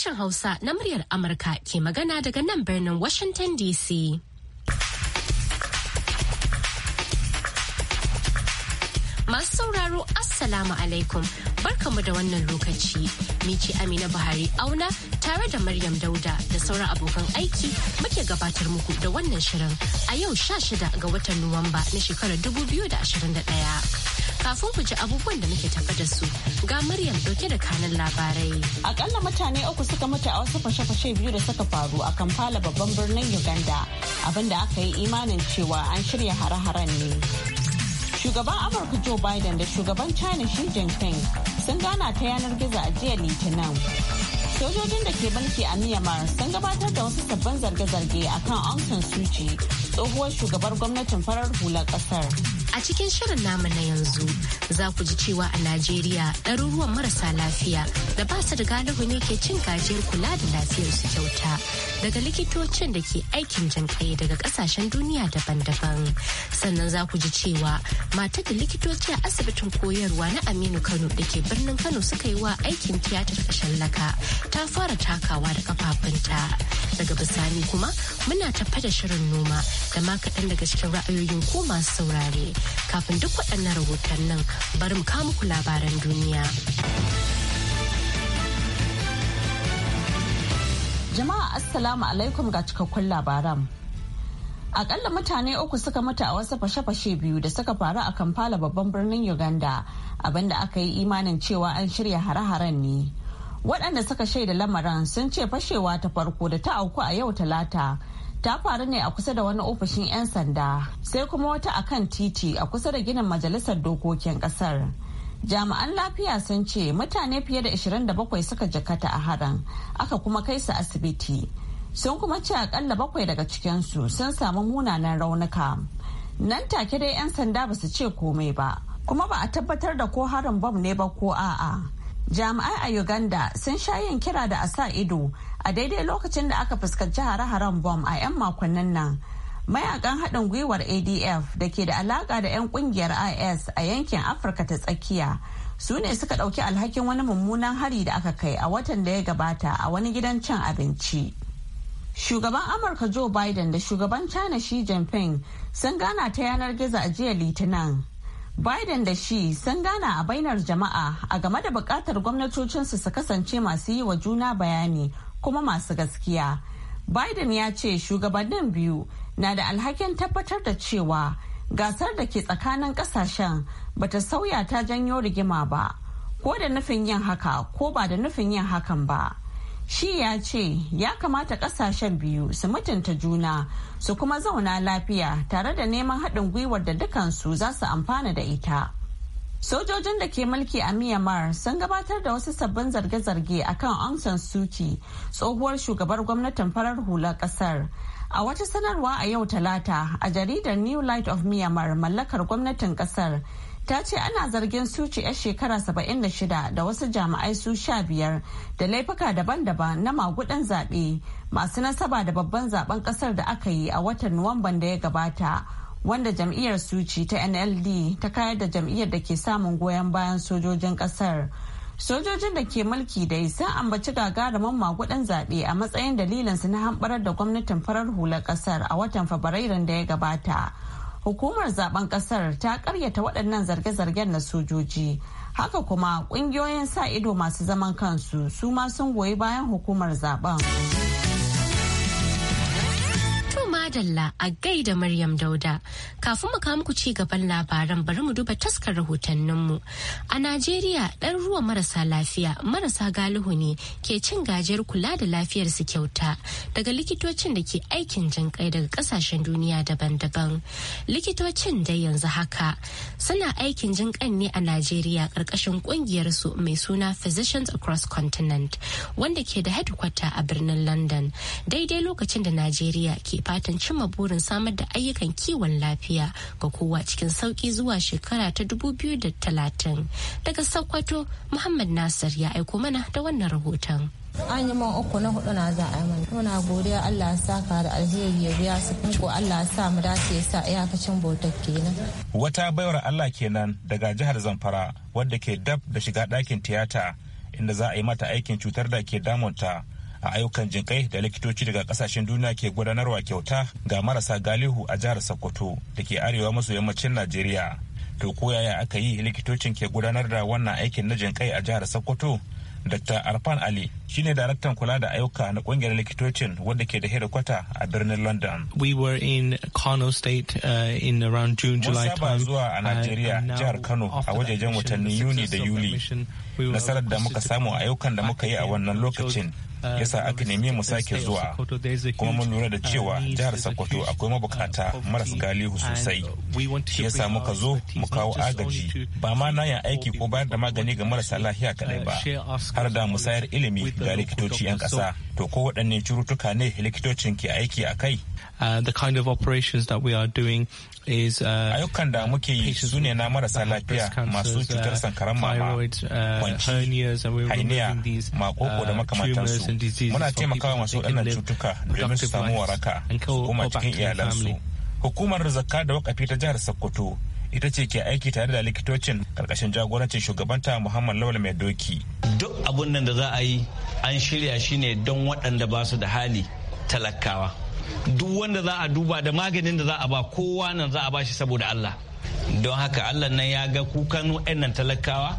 sashen Hausa na muryar Amurka ke magana daga nan birnin Washington DC. Masu sauraro Assalamu alaikum barkamu da wannan lokaci. Miki Amina Buhari auna tare da Maryam Dauda da sauran abokan aiki muke gabatar muku da wannan shirin a yau 16 ga watan Nuwamba na shekarar 2021. kafin ku ji abubuwan da muke tafa da su ga Maryam dauke da kanin labarai. Akalla mutane uku suka mutu a wasu fashe-fashe biyu da suka faru a Kampala babban birnin Uganda abinda aka yi imanin cewa an shirya hare-haren ne. Shugaban Amurka Joe Biden da shugaban China Xi Jinping sun gana ta yanar gizo a jiya Litinin. Sojojin da ke banki a Myanmar sun gabatar da wasu sabbin zarge-zarge akan Aung San Suu Kyi, tsohuwar shugabar gwamnatin farar hular kasar. A cikin shirin namu na yanzu za ku ji cewa a Najeriya ɗaruruwan marasa lafiya da ba su da galihu ne ke cin gajiyar kula da lafiyar su kyauta daga likitocin da ke aikin jan daga kasashen duniya daban-daban. Sannan za ku ji cewa matar da likitoci a asibitin koyarwa na Aminu Kano da ke birnin Kano suka yi wa aikin tiyatar ƙashin laka ta fara takawa da kafafunta. Daga bisani kuma muna tafa da shirin noma da ma kaɗan daga cikin ra'ayoyin ko masu saurare. kafin duk waɗannan rahoton nan bari mu kama muku labaran duniya. Jama'a Assalamu alaikum ga cikakkun labaran. Akalla mutane uku suka mutu a wasu fashe-fashe biyu da suka faru a Kampala babban birnin Uganda abinda aka yi imanin cewa an shirya hare-haren ne. Waɗanda suka shaida lamarin sun ce fashewa ta farko da ta auku a yau talata ta faru ne a kusa da wani ofishin 'yan sanda sai kuma wata a kan titi a kusa da ginin majalisar dokokin kasar jami'an lafiya sun ce mutane fiye da 27 suka jakata a haran aka kuma kai su asibiti sun kuma ce akalla bakwai daga cikinsu sun samu munanan raunuka nan take dai 'yan sanda ba su ce komai ba kuma ba a tabbatar da ko harin bom ne ba ko a'a jami'ai a uganda sun sha yin kira da a sa ido a daidai lokacin da aka fuskanci hare-haren bom a 'yan makonnin nan mayakan haɗin gwiwar adf da ke da alaƙa da 'yan ƙungiyar is a yankin afirka ta tsakiya su ne suka ɗauki alhakin wani mummunan hari da aka kai a watan da ya gabata a wani gidan cin abinci shugaban amurka joe biden da shugaban china xi jinping sun gana ta yanar gizo a jiya litinin Biden da shi sun gana a bainar jama'a a game da bukatar gwamnatocinsu su kasance masu yi wa juna bayani kuma masu gaskiya biden ya ce shugabannin biyu na da alhakin tabbatar da cewa gasar da ke tsakanin kasashen bata sauya ta janyo rigima ba ko da nufin yin haka ko ba da nufin yin hakan ba shi ya ce ya kamata kasashen biyu su mutunta juna su kuma zauna lafiya tare da neman haɗin gwiwar da dukansu za su amfana da ita Sojojin da ke mulki a Myanmar sun gabatar da wasu sabbin zarge-zarge a kan Aung San Suu Kyi, tsohuwar shugabar gwamnatin farar hula kasar. A wata sanarwa a yau talata a jaridar New Light of Myanmar mallakar gwamnatin kasar ta ce ana zargin suci 'yar shekara 76 da wasu jami'ai su sha biyar da laifuka daban-daban na magudan zaɓe masu nasaba da babban zaben kasar da aka yi a watan Nuwamban da ya gabata. wanda jam'iyyar suci ta nld ta kayar da jam'iyyar da ke samun goyon bayan sojojin kasar sojojin da ke mulki dai sun ambaci gagarumin magudan zaɓe a matsayin dalilinsu na hamɓarar da gwamnatin farar hular ƙasar a watan fabrairun da ya gabata hukumar zaben ƙasar ta karyata waɗannan zarge-zargen na sojoji haka kuma ƙungiyoyin sa ido masu zaman kansu su ma sun goyi bayan hukumar zaben. madalla a gaida Maryam Dauda. Kafin mu kawo muku ci gaban labaran bari mu duba taskar rahotanninmu. A Najeriya ɗan ruwa marasa lafiya marasa galihu ne ke cin gajiyar kula da lafiyarsu kyauta daga likitocin da ke aikin jin kai daga ƙasashen duniya daban-daban. Likitocin da yanzu haka suna aikin jin kan ne a Najeriya ƙarƙashin ƙungiyarsu mai suna Physicians Across Continent wanda ke da hedkwata a birnin London daidai lokacin da Najeriya ke fatan cimma burin samar da ayyukan kiwon lafiya ga kowa cikin sauki zuwa shekara ta 2030. Daga Sokoto, Muhammad Nasir ya aiko mana da wannan rahoton. an yi man uku na hudu na za a yi mani muna godiya Allah saka da alheri ya biya su ko Allah sa mu dace sa iyakacin bautar kenan wata baiwar Allah kenan daga jihar Zamfara wadda ke dab da shiga dakin tiyata inda za a yi mata aikin cutar da ke damunta a ayyukan jinkai da likitoci daga kasashen duniya ke gudanarwa kyauta ga marasa galihu a jihar sokoto da ke arewa maso yammacin najeriya to ko yaya aka yi likitocin ke gudanar da wannan aikin na jinkai a jihar sokoto dr arfan ali shine daraktan kula da ayyuka na kungiyar likitocin wanda ke da hedikwata a birnin london we were in kano state uh, in around june july time zuwa a nigeria jihar kano a wajejen watannin yuni da yuli nasarar da muka samu ayyukan da muka yi a wannan lokacin yasa aka nemi mu sake zuwa kuma mun lura da uh, cewa jihar sokoto akwai uh, mabukata maras galihu uh, sosai shi yasa muka zo mu kawo agaji ba ma na yin aiki ko bayar da magani ga marasa lafiya kadai ba har da musayar ilimi ga likitoci 'yan kasa to ko waɗanne cututtuka ne likitocin ke aiki a kai the kind of operations that we are doing is uh, ayyukan da muke yi su ne na marasa lafiya masu cutar sankaran mama kwanci hernias makoko da makamantansu muna taimakawa masu wadannan cutuka domin su samu waraka su cikin iyalansu hukumar zakka da wakafi ta jihar sokoto ita ce ke aiki tare da likitocin karkashin jagorancin shugabanta muhammad lawal mai doki duk abun nan da za a yi an shirya shi ne don waɗanda ba su da hali talakawa duk wanda za a duba da maganin da za a ba kowa nan za a ba shi saboda allah don haka allah nan ya ga kukan waɗannan talakawa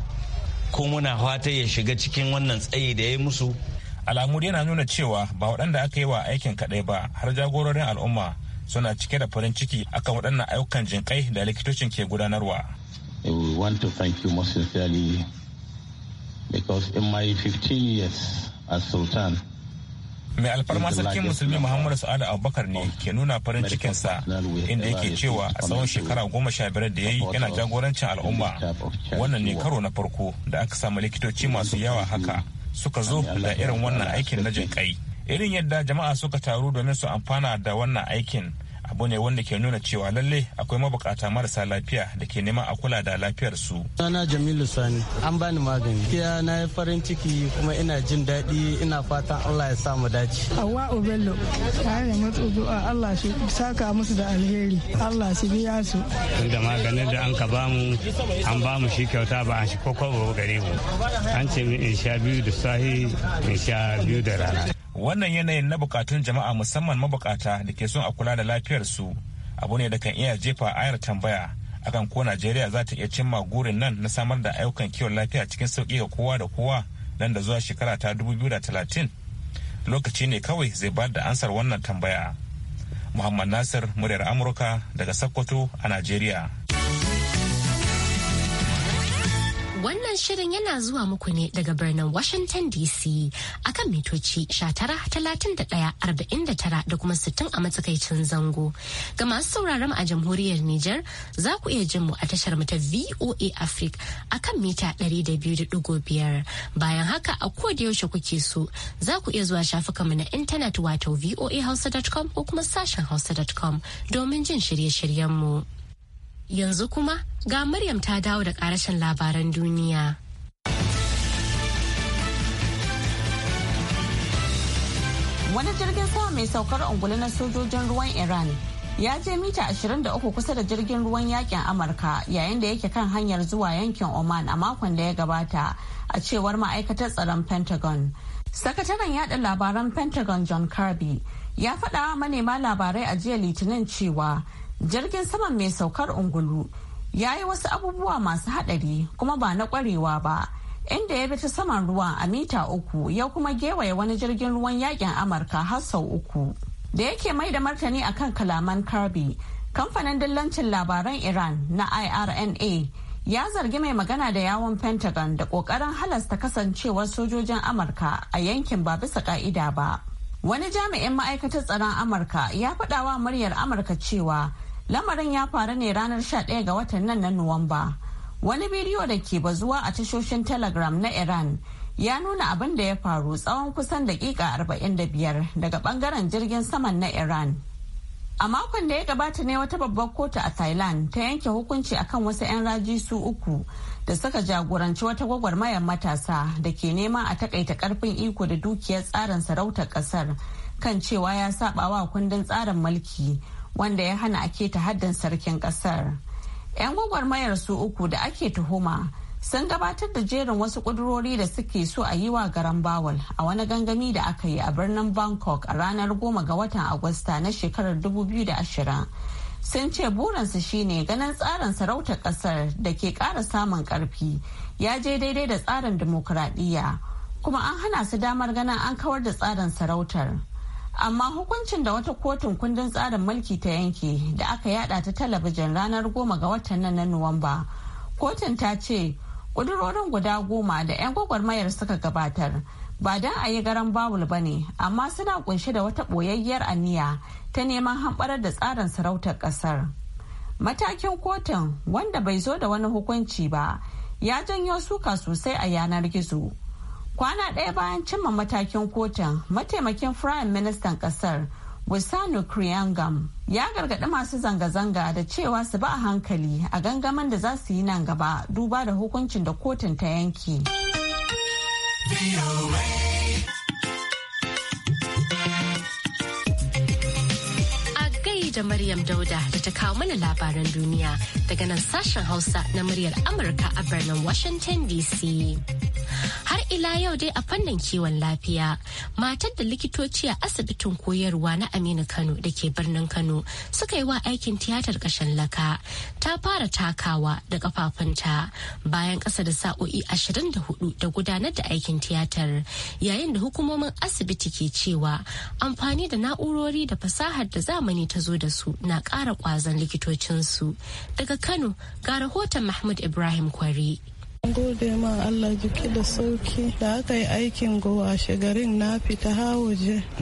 ko muna fata ya shiga cikin wannan tsayi da ya yi musu alamu yana nuna cewa ba waɗanda aka yi wa aikin kaɗai ba har jagororin al'umma suna cike da farin ciki akan waɗannan ayyukan jinƙai da likitocin ke gudanarwa. We mai alfarma sarkin musulmi muhammadu sa'adu abubakar ne ke nuna farin cikinsa inda yake cewa a tsawon shekara goma sha biyar da ya yi yana jagorancin al'umma wannan ne karo na farko da aka samu likitoci masu yawa haka suka zo da irin wannan aikin na kai irin yadda jama'a suka taru domin su amfana da wannan aikin abu ne wanda ke nuna cewa lalle akwai mabukata marasa lafiya da ke neman a kula da lafiyar su. Sana Jamilu Sani an bani magani. Kiya na yi farin ciki kuma ina jin daɗi ina fatan Allah ya sa dace. Awa Obello tare da matsudu Allah shi saka musu da alheri Allah su biya su. Tunda maganin da an ka bamu an bamu shi kyauta ba an shi kokobo gare mu. An ce min in sha biyu da sahi in sha biyu da rana. wannan yanayin na bukatun jama'a musamman mabukata da ke son a kula da lafiyar su abu ne da kan iya jefa ayar tambaya akan ko najeriya za ta iya cimma gurin nan na samar da ayyukan kiwon lafiya cikin sauki ga kowa da kowa nan da zuwa shekara ta dubu biyu da talatin lokaci ne kawai zai ba da ansar wannan tambaya muhammad nasir muryar amurka daga sokoto a najeriya Wannan shirin yana zuwa muku ne daga birnin Washington DC a kan mitoci talatin da kuma 60 a matsakaicin zango. Ga masu sauraron a jamhuriyar Nijar za ku iya jin mu a tashar mu ta VOA Africa a kan mita 200.5. Bayan haka a da yaushe kuke so za ku iya zuwa shafukanmu na intanet wato voahausa.com ko kuma sashen hausa.com domin jin shirye-shiryenmu. mu. Yanzu kuma ga Maryam ta dawo da ƙarashin labaran duniya. Wani jirgin sama mai saukar ungulu na sojojin ruwan Iran ya je mita 23 kusa da jirgin ruwan yakin amurka yayin da yake kan hanyar zuwa yankin oman a makon da ya gabata a cewar ma'aikatar tsaron pentagon sakataren yada labaran pentagon john kirby ya faɗa manema labarai a jiya litinin cewa jirgin saman mai saukar ungulu ya yi wasu abubuwa masu haɗari kuma ba na ƙwarewa ba inda ya bi ta saman ruwa a mita uku ya kuma gewaye wani jirgin ruwan yakin amurka har sau uku da yake mai da martani akan kalaman kirby kamfanin dillancin labaran iran na irna ya zargi mai magana da yawon pentagon da kokarin halasta kasancewar sojojin amurka a yankin ba bisa ka'ida ba wani jami'in ma'aikatar tsaron amurka ya faɗawa muryar amurka cewa Lamarin ya faru ne ranar 11 ga watan nan na Nuwamba. Wani bidiyo da ke bazuwa a tashoshin Telegram na Iran ya nuna abin da ya faru tsawon kusan dakika 45 daga bangaren jirgin saman na Iran. A makon da ya gabata ne wata babbar kotu a Thailand ta yanke hukunci akan wasu 'yan raji su uku da suka jagoranci wata gwagwarmayar matasa da ke nema a takaita karfin iko da dukiyar tsarin sarautar kasar kan cewa ya saba wa kundin tsarin mulki wanda ya hana ake ta haddin sarkin kasar. 'Yan gwagwarmayar su uku da ake tuhuma sun gabatar da jerin wasu kudurori da suke so a yi wa garan bawal a wani gangami da aka yi a birnin Bangkok a ranar goma ga watan Agusta na shekarar 2020. sun ce burinsu shine ganin tsarin sarautar kasar da ke kara samun karfi. ya je daidai da tsarin dimokuraɗiyya kuma an hana su damar ganin an kawar da tsarin sarautar amma hukuncin da wata kotun kundin tsarin mulki ta yanke da aka yada ta talabijin ranar goma ga watan nan na nuwamba kotun ta ce kudurorin guda goma da 'yan gwagwarmayar suka gabatar ba don a yi garan bawul ba ne amma suna kunshe da wata boyayyar aniya ta neman hamɓarar da tsarin sarautar ƙasar matakin kotun wanda bai zo da wani hukunci ba ya janyo suka sosai a yanar gizo kwana ɗaya bayan cimma matakin kotun mataimakin firayim ministan ƙasar wisanu kriyangam ya gargaɗi masu zanga-zanga da cewa su ba a hankali a gangamin da za su yi nan gaba duba da hukuncin da kotun ta yanke. da Maryam Dauda da ta kawo mana labaran duniya daga nan sashen Hausa na muryar Amurka a birnin Washington DC. har ila yau dai a fannin kiwon lafiya matar da likitoci a asibitin koyarwa na aminu kano da ke birnin kano suka yi wa aikin tiyatar kashin laka ta fara takawa da kafafunta bayan kasa da sa'o'i 24 da gudanar da aikin tiyatar yayin da hukumomin asibiti ke cewa amfani da na'urori da fasahar da zamani ta zo da su na ƙara ƙwazon likitocinsu daga kano ga rahoton mahmud ibrahim kwari gode ma Allah jiki da sauki da aka yi aikin gowa garin na fita ha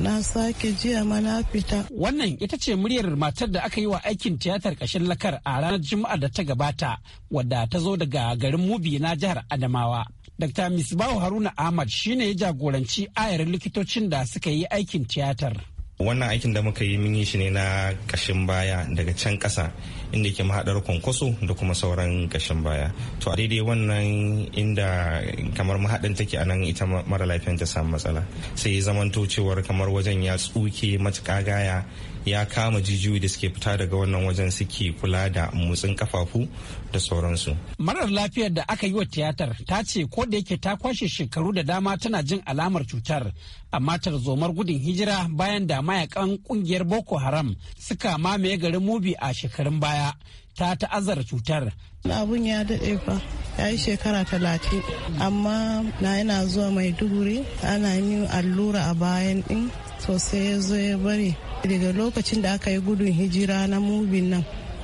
na sake jiya ma na fita. Wannan ita ce muryar matar da aka yi wa aikin tiyatar ƙashin lakar a ranar Juma'a da ta gabata wadda ta zo daga garin Mubi na jihar Adamawa. Dr. Misbahu Haruna Ahmad shine ya jagoranci ayarin likitocin da suka yi aikin tiyatar. wannan aikin da muka yi mun yi shi ne na kashin baya daga can kasa inda ke mahaɗar kwankwaso da kuma sauran kashin baya to a daidai wannan inda kamar mahaɗin take a nan ita mara lafiyan ta samu matsala sai zamanto cewar kamar wajen ya tsuke matuƙa gaya ya kama jijiyoyi da suke fita daga wannan wajen suke kula da motsin kafafu da sauransu. Marar lafiyar da aka yi wa tiyatar ta ce ko da yake ta kwashe shekaru da dama tana jin alamar cutar amma zomar gudun hijira bayan da mayakan kungiyar Boko Haram suka mamaye garin Mubi a shekarun baya ta ta'azzara cutar. Abun ya daɗe fa ya yi shekara talatin amma na yana zuwa mai maiduguri ana yin allura a bayan ɗin sosai ya zo ya bari daga lokacin da aka yi gudun hijira na mubin nan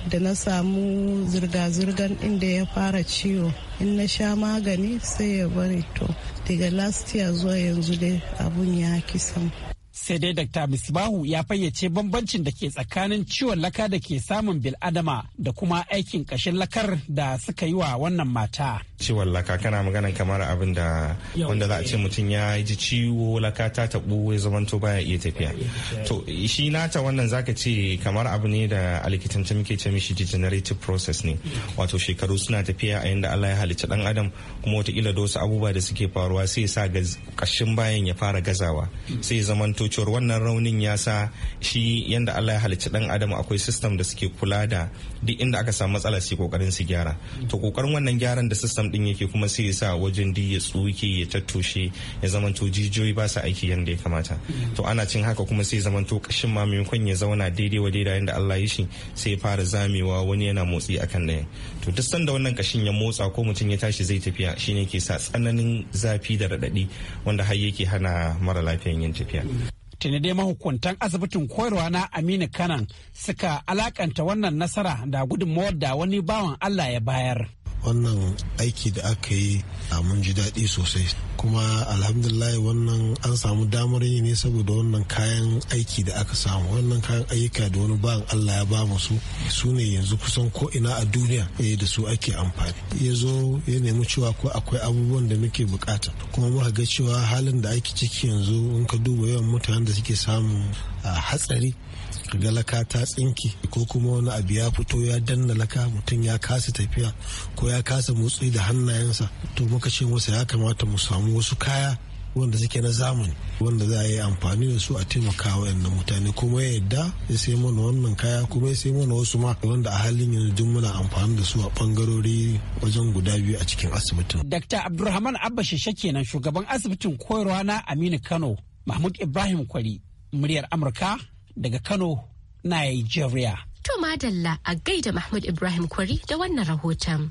da na samu zirga-zirgan inda ya fara ciwo in na sha magani sai ya bari to daga last year zuwa yanzu dai abun ya kisan sai dai Dr. Misbahu ya fayyace bambancin da ke tsakanin ciwon laka da ke samun bil'adama da kuma aikin ƙashin lakar da suka yi wa wannan mata. ciwon laka kana maganan kamar abin da wanda za a ce mutum ya ji ciwo laka ta taɓo ya zamanto baya iya tafiya to shi nata wannan zaka ce kamar abu ne da a muke ce mishi degenerative process ne wato shekaru suna tafiya a yanda Allah ya halicci dan adam kuma watakila da wasu abubuwa da suke faruwa sai sa kashin bayan ya fara gazawa sai zamanto cewar wannan raunin ya sa shi yanda Allah ya halicci dan adam akwai system da suke kula da duk inda aka samu matsala sai kokarin su gyara to kokarin wannan gyaran da system din yake kuma sai sa wajen di ya tsuke ya tattoshe ya zamanto jijiyoyi ba su aiki yadda ya kamata to ana cin haka kuma sai zamanto kashin ma maimakon ya zauna daidai wa daidai yadda Allah ya shi sai ya fara zamewa wani yana motsi akan ɗaya to duk sanda wannan kashin ya motsa ko mutum ya tashi zai tafiya shine ke sa tsananin zafi da raɗaɗi wanda har yake hana mara lafiyan yin tafiya tuni dai mahukuntan asibitin koyarwa na aminu kanan suka alakanta wannan nasara da gudunmawar da wani bawan allah ya bayar wannan aiki da aka yi mun ji daɗi sosai kuma alhamdulillah wannan an samu damar yi ne saboda wannan kayan aiki da aka samu wannan kayan ayyuka da wani bayan allah ya ba mu su su ne yanzu kusan ko ina a duniya eh, da su ake amfani ya zo ya nemi cewa ko akwai abubuwan da muke bukata kuma muka ga cewa halin da ake ciki yanzu in ka duba yawan mutanen da suke samun hatsari ga laka ta tsinki ko kuma wani abu ya fito ya danna laka mutum ya kasa tafiya ko ya kasa motsi da hannayensa to muka ce masa ya kamata mu samu wasu kaya wanda suke na zamani wanda za a yi amfani da su a taimaka wayannan mutane kuma ya yadda ya sai mana wannan kaya kuma ya sai mana wasu ma wanda a halin yanzu duk muna amfani da su a bangarori wajen guda biyu a cikin asibitin. Dr. Abdulrahman Abba Shisha kenan shugaban asibitin koyarwa na Aminu Kano Mahmud Ibrahim Kwari muryar Amurka daga Kano, Nigeria. To Madalla a gaida Mahmud Ibrahim Kwari da wannan rahoton.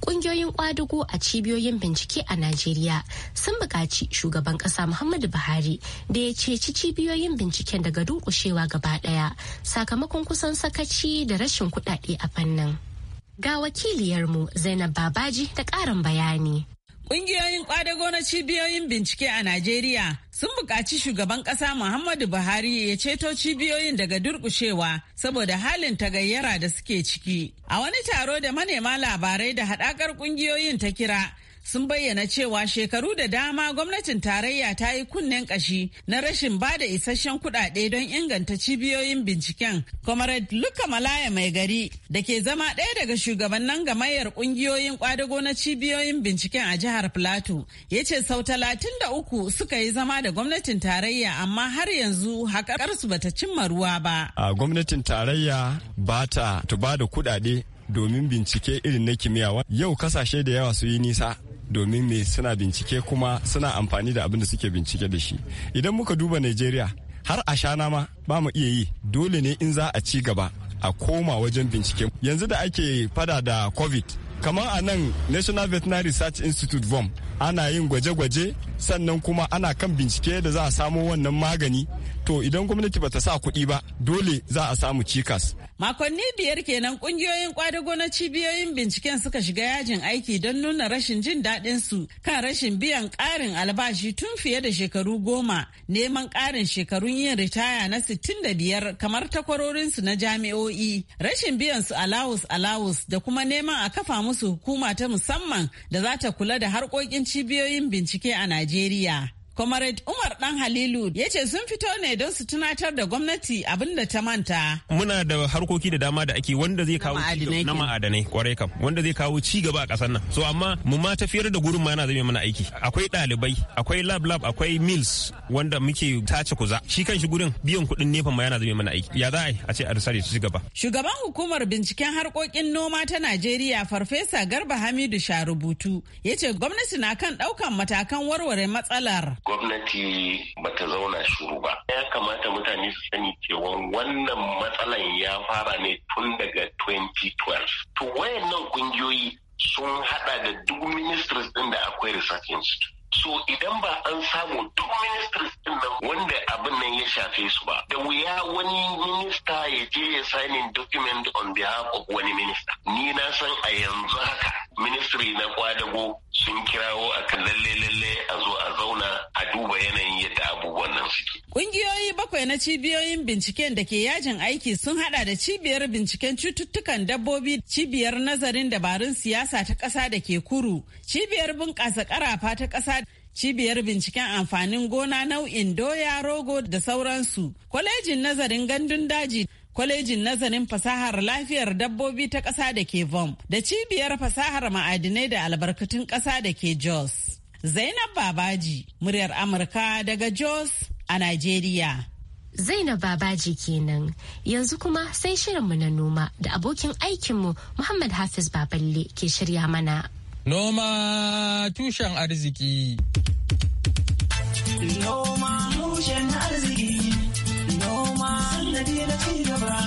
Kungiyoyin kwadugo a cibiyoyin bincike a Najeriya sun buƙaci shugaban ƙasa Muhammadu Buhari da ya ceci cibiyoyin binciken daga dunkushewa gaba ɗaya sakamakon kusan sakaci da rashin kuɗaɗe a fannin. Ga wakiliyarmu Zainab Babaji da ƙarin bayani. Ƙungiyoyin ƙwadago na cibiyoyin bincike a Najeriya sun buƙaci shugaban ƙasa Muhammadu Buhari ya ceto cibiyoyin daga durƙushewa saboda halin tagayyara da suke ciki. A wani taro da manema labarai da haɗakar ƙungiyoyin ta kira sun bayyana cewa shekaru da dama gwamnatin tarayya ta yi kunnen kashi na rashin ba da isasshen kudade don inganta cibiyoyin binciken. Comrade Luka Malaya mai gari da ke zama ɗaya daga shugabannin gamayyar ƙungiyoyin kwadago na cibiyoyin binciken a jihar Plateau ya ce sau talatin da uku suka yi zama da gwamnatin tarayya amma har yanzu haƙarsu bata cimma ruwa ba. A gwamnatin tarayya ba ta ba da kudade domin bincike irin na kimiyya yau kasashe da yawa su yi nisa domin me suna bincike kuma suna amfani da abin da suke bincike da shi idan muka duba najeriya har a shana ma ba mu iya yi dole ne in za a ci gaba a koma wajen bincike yanzu da ake fada da covid kamar a nan national veterinary research institute vom ana yin gwaje-gwaje sannan kuma ana kan bincike da za a samo wannan magani to idan gwamnati bata sa kuɗi ba dole za a samu cikas. Makonni biyar kenan ƙungiyoyin kwadago na cibiyoyin binciken suka shiga yajin aiki don nuna rashin jin daɗin su kan rashin biyan ƙarin albashi tun fiye da shekaru goma neman ƙarin shekarun yin ritaya na sittin da biyar kamar takwarorinsu na jami'o'i rashin biyan su alawus alawus da kuma neman a kafa musu hukuma ta musamman da za ta kula da harkokin cibiyoyin bincike a Najeriya Comrade Umar Dan Halilu ya ce sun fito ne don su tunatar da gwamnati abin da ta manta. Muna da harkoki da dama da ake wanda zai kawo na ma'adanai kwarai kam wanda zai kawo ci gaba a kasar nan. So amma mu ma tafiyar da gurin ma yana zame mana aiki. Akwai ɗalibai, akwai lab lab, akwai mills wanda muke tace kuza. Shi kan shi gurin biyan kuɗin nefa ma yana zame mana aiki. Ya za a a ce a risale ci gaba. Shugaban hukumar binciken harkokin noma ta Najeriya Farfesa Garba Hamidu Sharubutu ya ce gwamnati na kan ɗaukan matakan warware matsalar. gwamnati bata zauna shuru ba ya kamata mutane su sani cewa wannan matsalan ya fara ne tun daga 2012 to wayannan kungiyoyi sun hada da duk ministris din da akwai research institute So idan ba an samu duk ministers din nan wanda abin nan ya shafe su ba, da wuya wani minista ya je ya signing document on behalf of wani minista. Ni na san a yanzu haka ministry na kwadago sun kirawo a kan lalle-lalle a zo a zauna a duba yanayin yadda abubuwan nan suke. Kungiyoyi bakwai na cibiyoyin binciken da ke yajin aiki sun hada da cibiyar binciken cututtukan dabbobi, cibiyar nazarin dabarun siyasa ta ƙasa da ke kuru, cibiyar bunƙasa ƙarafa ta ƙasa cibiyar binciken amfanin gona nau'in doya rogo da sauransu kwalejin nazarin gandun daji kwalejin nazarin fasahar lafiyar dabbobi ta ƙasa da ke vom da cibiyar fasahar ma'adinai da albarkatun ƙasa da ke jos zainab babaji muryar amurka daga jos a nigeria zainab babaji kenan yanzu kuma sai shirinmu na noma da abokin aikinmu muhammad hafiz baballe ke shirya mana Noma tushen arziki. Noma tushen arziki. Noma na gaba.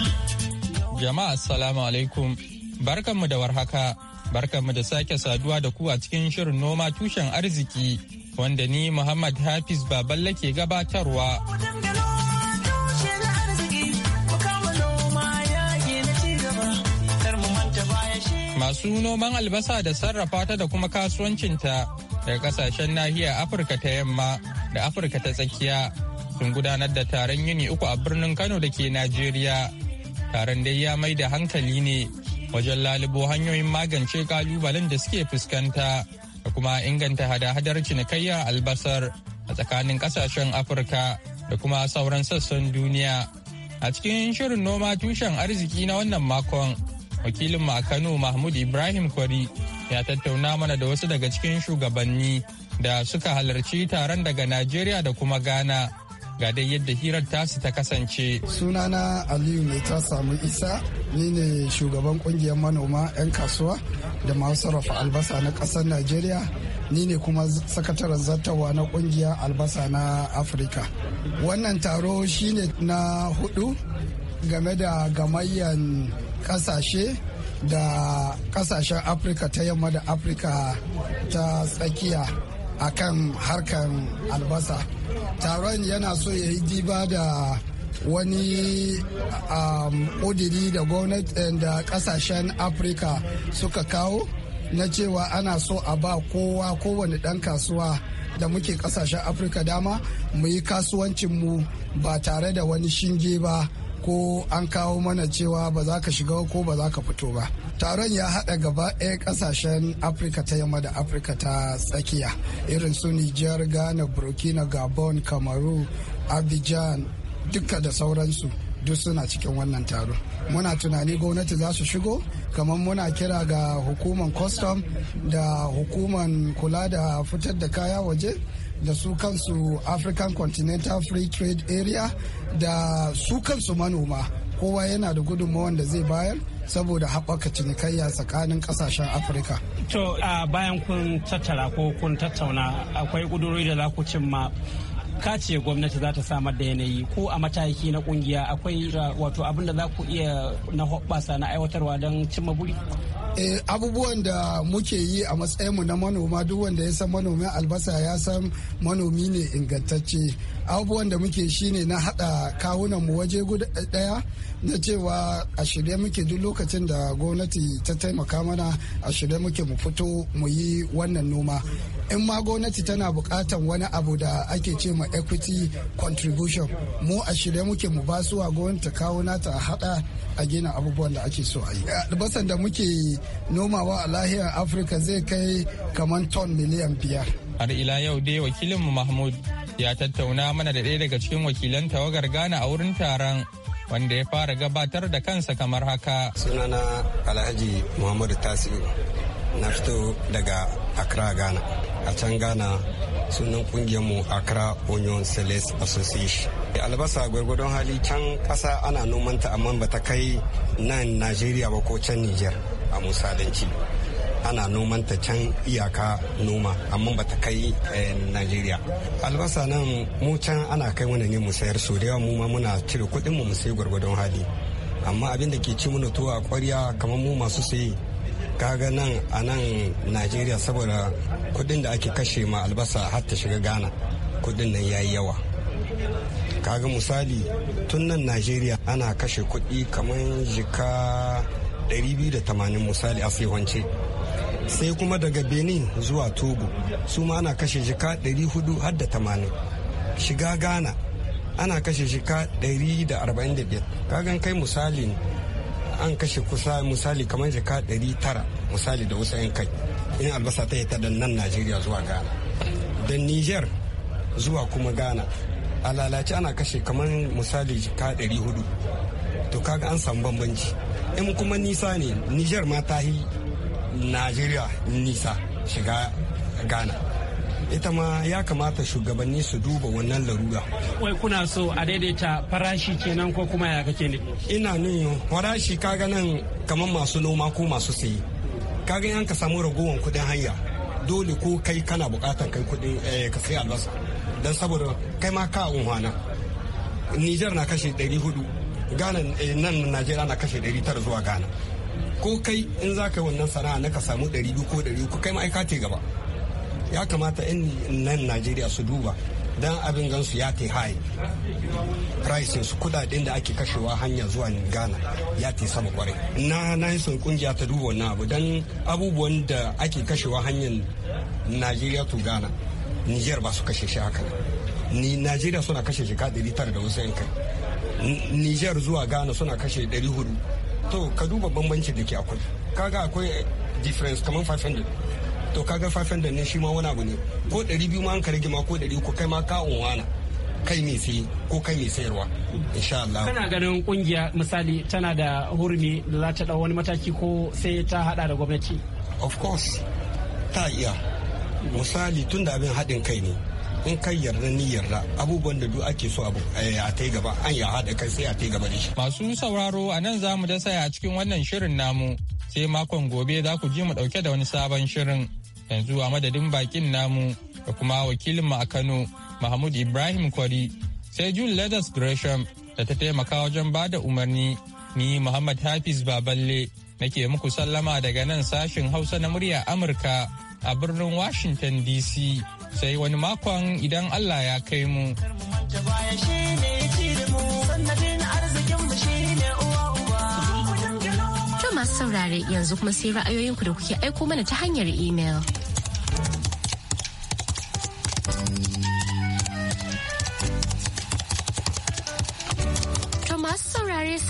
Jama'a salamu alaikum. Barkanmu da warhaka. Barkanmu da sake saduwa da ku a cikin shirin noma tushen arziki wanda ni Muhammad Hafiz Baballe ke gabatarwa. masu noman albasa da sarrafa ta da kuma kasuwancinta daga kasashen nahiyar afirka ta yamma da afirka ta tsakiya sun gudanar da taron yini uku a birnin kano da ke najeriya taron dai ya mai da hankali ne wajen lalubo hanyoyin magance kalubalen da suke fuskanta da kuma inganta hada-hadar cinikayya albasar a tsakanin kasashen afirka da kuma sauran sassan duniya a cikin shirin noma tushen arziki na wannan makon wakilinmu a kano mahmud ibrahim kwari ya tattauna mana da wasu daga cikin shugabanni da suka halarci taron daga najeriya da kuma ghana ga dai yadda hirar tasu ta kasance sunana aliyu ne ta samu isa ni ne shugaban kungiyar manoma 'yan kasuwa da masu sarrafa albasa na kasar najeriya ni ne kuma sakataren zartawa na kungiyar albasa na afirka wannan taro shine na hudu game da gamayyan kasashe da kasashen afirka ta yamma da afirka ta tsakiya a kan harkar albasa taron yana so ya yi diba da wani um, ƙudiri da gwamnati eh, da kasashen afirka suka kawo na cewa ana so a ba kowa kowane ɗan kasuwa da muke kasashen afirka dama mu yi kasuwancinmu ba tare da wani shinge ba ko an kawo mana cewa ba za ka shiga ko ba za ka fito ba taron ya haɗa gaba ɗaya ƙasashen afirka ta yamma da afirka ta tsakiya irin su nijar ghana burkina gabon kamaru abidjan duka da sauransu duk suna cikin wannan taro muna tunani gwamnati za su shigo kamar muna kira ga hukuman custom da hukuman kula da fitar da kaya waje da su kansu african continental free trade area da su kansu manoma kowa yana da gudunmawan da zai bayar saboda haɓaka cinikayya tsakanin ƙasashen afirka to a bayan kun tattara ko kun tattauna akwai ƙuduri da za ku cimma ka ce gwamnati za ta samar da yanayi ko a mataki na kungiya akwai wato abin da za ku iya na hoɓɓasa na aiwatarwa don cimma buri eh, abubuwan da muke yi a matsayin mu na manoma duk wanda ya san manomin albasa ya san manomi ne ingantacce abubuwan da muke shi ne na haɗa kawunanmu waje eh, ɗaya na cewa a shirye muke duk lokacin da gwamnati ta taimaka mana a shirye muke mu fito mu yi wannan noma in ma gwamnati tana bukatan wani abu da ake ce ma equity contribution mu a shirya muke mu ba su gwamnati ta kawo nata a hada a gina abubuwan da ake so a yi albasan da muke nomawa a lahiyar afirka zai kai kamar ton miliyan biyar har ila yau dai mu mahmud ya tattauna mana da ɗaya daga cikin wakilan tawagar gana a wurin taron wanda ya fara gabatar da kansa kamar haka sunana alhaji muhammadu tasiru na fito daga accra ghana a can ghana sunan mu accra union sales association albasa gwargwadon hali can kasa ana nomanta amma ta kai nan najeriya ba ko can niger a musalanci ana nomanta can iyaka noma amma ta kai eh, nigeria. albasa nan mu can ana kai wani ne mu sayar su da yawa mu ma muna cire kuɗin mu mu sayi gwargwadon hali amma abin da ke ci mana tuwa a kwarya kamar mu masu sayi kaga nan a nan najeriya saboda kudin da ake kashe ma albasa har ta shiga ghana kudin nan ya yi yawa kaga misali tun nan najeriya ana kashe kudi kamar jika 280 misali a sihonce sai kuma daga benin zuwa togo su ma ana kashe jika 480 har da shiga ghana ana kashe jika 145 kagan kai misalin an kashe kusa misali kamar jaka ɗari tara misali da wasu 'yan kai in albasa ta yi ta nan najeriya zuwa ghana da niger zuwa kuma ghana a lalace ana kashe kamar misali jaka ɗari hudu to kaga an samu bambanci in kuma nisa ne niger ma ta yi najeriya nisa shiga ghana ita ma ya kamata shugabanni su duba wannan larura. Wai kuna so a daidaita farashi kenan ko kuma ya kake ne? Ina nuyin farashi kaga nan kamar masu noma ko masu sayi. Kaga yan ka samu ragowar kudin hanya dole ko kai kana buƙatar kai kudin eh, ka sayi albasa. Don saboda kai ma ka unhwana. Nijar na kashe ɗari hudu. Ghana eh, nan Najeriya na kashe ɗari tara zuwa Ghana. Ko kai in za ka yi wannan sana'a na ka samu ɗari biyu ko ɗari ko kai ma ai gaba. ya kamata 'yan nan najeriya su duba don abin gansu ya ta haye price su kudaden da ake kashewa hanya zuwa ghana ya ta sama kwarai na na yi son kungiya ta duba wannan abu don abubuwan da ake kashewa hanyar najeriya to ghana niger ba su kashe shi haka ni najeriya suna kashe shi ka tara da wasu yankan niger zuwa ghana suna kashe hudu to ka duba bambancin da ke akwai kaga akwai difference kamar 500 to kaga 500 ne shi ma wani abu ne ko 200 ma an ka rage ma ko 300 kai ma ka unwana kai mai sayi ko kai mai sayarwa insha Allah kana ganin kungiya misali tana da hurumi da za ta dau wani mataki ko sai ta hada da gwamnati of course ta iya misali tun da abin hadin kai ne in kai yarda ni yarda abubuwan da duk ake so abu eh, a ta gaba an ya hada kai sai a ta gaba da shi masu sauraro a nan za mu dasa a cikin wannan shirin namu sai makon gobe za ku ji mu ɗauke da wani sabon shirin yanzu a madadin bakin namu da kuma wakilin mu a kano mahmud ibrahim kwari sai june leathers gresham da ta taimaka wajen ba da umarni ni muhammad hafiz baballe nake muku sallama daga nan sashin hausa na murya amurka a birnin washington dc sai wani makon idan allah ya kai mu. masu saurare yanzu kuma sai ra'ayoyinku da kuke aiko mana ta hanyar email.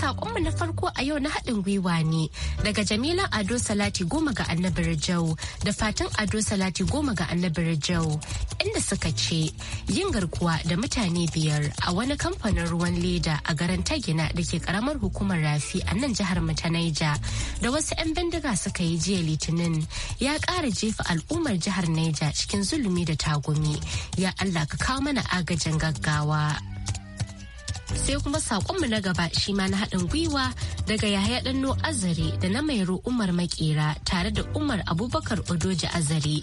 sakonmu na farko a yau na haɗin gwiwa ne daga Jamila Ado Salati goma ga annabar Jau da fatan Ado Salati goma ga annabar Jau inda suka ce yin garkuwa da mutane biyar a wani kamfanin ruwan leda a garin Tagina da ke karamar hukumar Rafi a nan jihar mu ta Naija da wasu 'yan bindiga suka yi jiya Litinin ya ƙara jefa al'ummar jihar Naija cikin zulumi da tagumi ya Allah ka kawo mana agajin gaggawa. sai kuma saƙonmu na gaba shi ma na haɗin gwiwa daga yahaya ɗanno azare da na mairo umar makera tare da umar abubakar odoji azare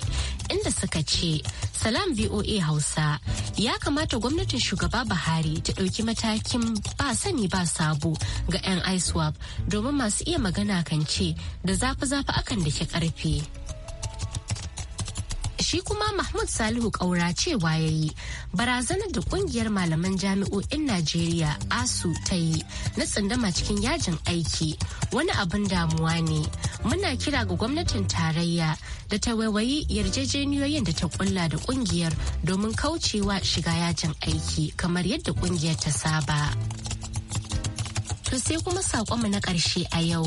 inda suka ce salam voa hausa ya kamata gwamnatin shugaba buhari ta ɗauki matakin ba sani ba sabo ga 'yan iswap domin masu iya magana kan ce da zafi-zafi akan da ke ƙarfe. shi kuma mahmud salihu kaura cewa ya yi barazanar da kungiyar malaman jami'o'in najeriya asu ta yi na tsandama cikin yajin aiki wani abin damuwa ne muna kira ga gwamnatin tarayya da ta waiwayi yarjejeniyoyin da ta kulla da kungiyar domin kaucewa shiga yajin aiki kamar yadda kungiyar ta saba To sai kuma sakonmu na ƙarshe a yau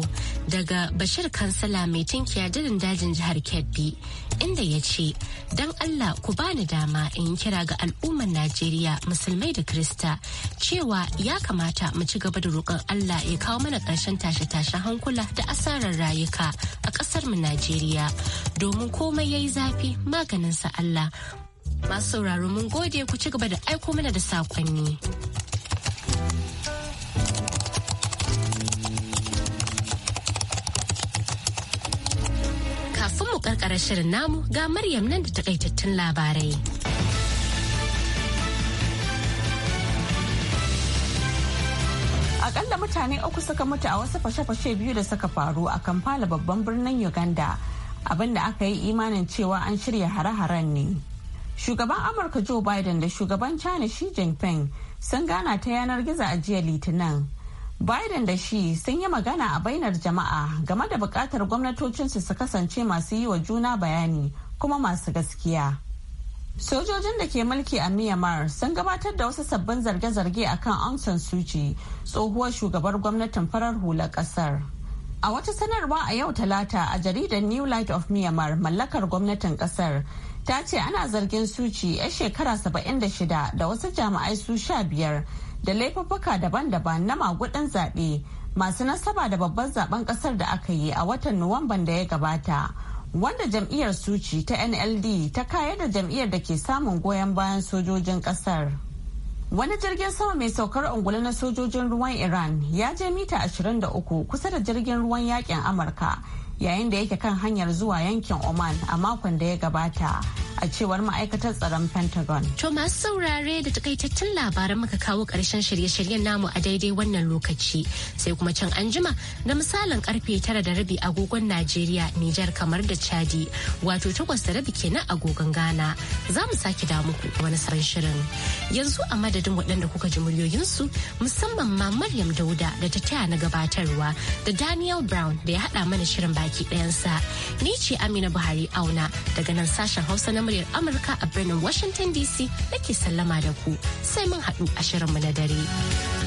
daga Bashir Kansala mai tinkiya jirin dajin jihar Kebbi inda ya ce, "Don Allah ku bani dama in kira ga al'ummar Najeriya musulmai da Krista cewa ya kamata mu ci gaba da roƙon Allah ya kawo mana ƙarshen tashe-tashen hankula da asarar rayuka a ƙasar mu Najeriya domin komai ya yi zafi maganin sa Allah. Masu sauraro mun gode ku ci gaba da aiko mana da saƙonni. karkarar shirin namu ga Maryam nan da takaitattun labarai. Akalla mutane uku suka mutu a wasu fashe-fashe biyu da suka faru a Kampala babban birnin Uganda abin da aka yi imanin cewa an shirya hare-haren ne. Shugaban Amurka Joe Biden da shugaban China Xi Jinping sun gana ta yanar gizo a jiya Litinin. Biden da shi sun yi magana a bainar jama'a game da bukatar gwamnatocinsu su kasance masu yi wa juna bayani kuma masu gaskiya. Sojojin da ke mulki a Myanmar sun gabatar da wasu sabbin zarge-zarge a kan Aung San Suu Kyi, tsohuwar shugabar gwamnatin farar hula kasar. A wata sanarwa a yau talata a jaridar New Light of Myanmar mallakar gwamnatin kasar ta ce ana zargin suci Kyi 'yar shekara 76 da wasu jami'ai su 15 da laifuffuka daban-daban na magudan zaɓe masu nasaba da babban zaben ƙasar da aka yi a watan Nuwamban da ya gabata. Wanda jam'iyyar Suci ta NLD ta kayar da jam'iyyar da ke samun goyon bayan sojojin ƙasar. Wani jirgin sama mai saukar ungulu na sojojin ruwan Iran ya je mita 23 kusa da jirgin ruwan yakin Amurka yayin da yake kan hanyar zuwa yankin Oman a makon da ya gabata a cewar ma'aikatar tsaron Pentagon. To masu saurare da takaitattun labaran muka kawo karshen shirye-shiryen namu a daidai wannan lokaci sai kuma can anjima da misalin karfe tara da rabi agogon Najeriya Nijar kamar da Chadi wato takwas da rabi kenan agogon Ghana za mu sake da muku wani sabon shirin. Yanzu a madadin waɗanda kuka ji muryoyinsu musamman ma Maryam Dauda da ta taya na gabatarwa da Daniel Brown da ya haɗa mana shirin ba. baki ɗayansa. Ni ce Amina Buhari Auna daga nan sashen Hausa na muryar Amurka a birnin Washington DC nake sallama da ku sai mun haɗu a shirinmu na dare.